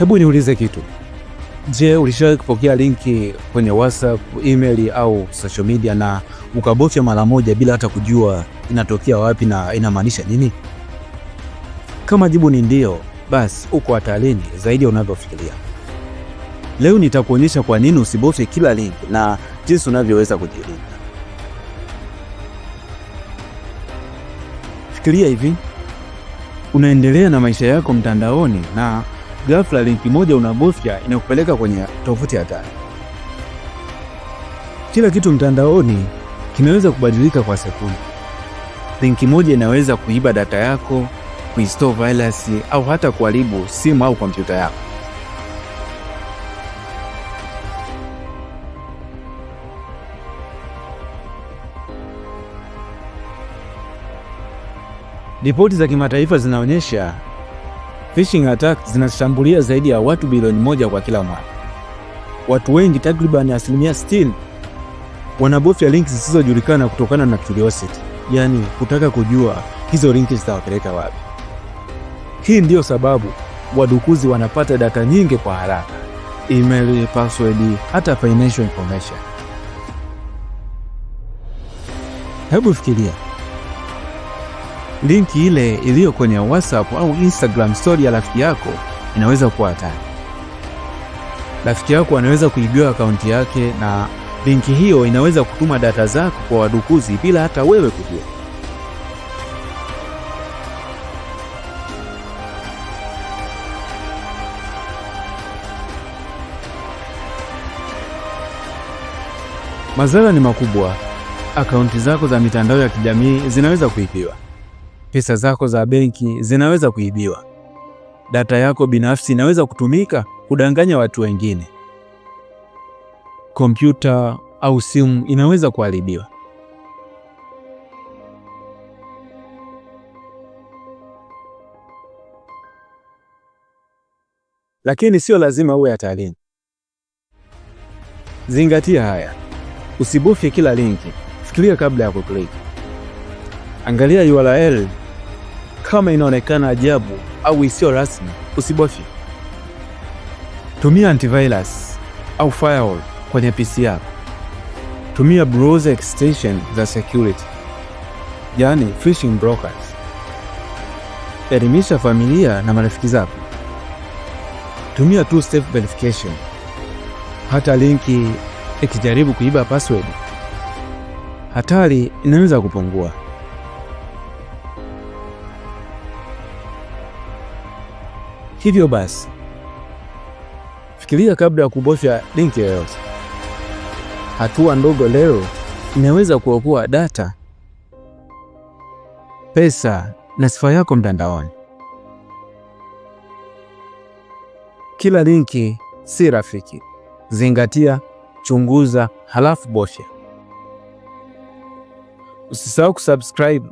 Hebu niulize kitu. Je, ulishawahi kupokea linki kwenye WhatsApp, email au social media na ukabofya mara moja bila hata kujua inatokea wapi na inamaanisha nini? Kama jibu ni ndio, basi uko hatarini zaidi ya unavyofikiria. Leo nitakuonyesha kwa nini usibofye kila linki na jinsi unavyoweza kujilinda. Fikiria hivi, unaendelea na maisha yako mtandaoni na ghafla linki moja unabofya inakupeleka kwenye tovuti hatari. Kila kitu mtandaoni kinaweza kubadilika kwa sekunde. Linki moja inaweza kuiba data yako, kuinstall virus au hata kuharibu simu au kompyuta yako. Ripoti za kimataifa zinaonyesha Phishing attacks zinashambulia zaidi ya watu bilioni moja kwa kila mwaka. Watu wengi takriban asilimia 60 wanabofya linki zisizojulikana kutokana na curiosity, yaani kutaka kujua hizo linki zitawapeleka wapi. Hii ndiyo sababu wadukuzi wanapata data nyingi kwa haraka: email, password, hata financial information. Hebu fikiria linki ile iliyo kwenye WhatsApp au Instagram story ya rafiki yako inaweza kuwa hatari. Rafiki yako anaweza kuibiwa akaunti yake, na linki hiyo inaweza kutuma data zako kwa wadukuzi bila hata wewe kujua. Madhara ni makubwa. Akaunti zako za mitandao ya kijamii zinaweza kuibiwa pesa zako za benki zinaweza kuibiwa, data yako binafsi inaweza kutumika kudanganya watu wengine, kompyuta au simu inaweza kuharibiwa. Lakini sio lazima uwe hatarini. Zingatia haya: usibofye kila linki, fikiria kabla ya kukliki, angalia URL kama inaonekana ajabu au isiyo rasmi, usibofye. Tumia antivirus au firewall kwenye PC yako. Tumia browser extension za security, yaani phishing brokers. Elimisha familia na marafiki zako. Tumia two step verification. Hata linki ikijaribu kuiba password, hatari inaweza kupungua. Hivyo basi fikiria kabla ya kubofya linki yoyote. Hatua ndogo leo inaweza kuokoa data, pesa na sifa yako mtandaoni. Kila linki si rafiki. Zingatia, chunguza, halafu bofya. Usisahau kusubscribe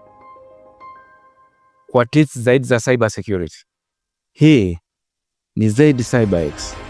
kwa tips zaidi za cyber security. Hii ni Zaid Cyber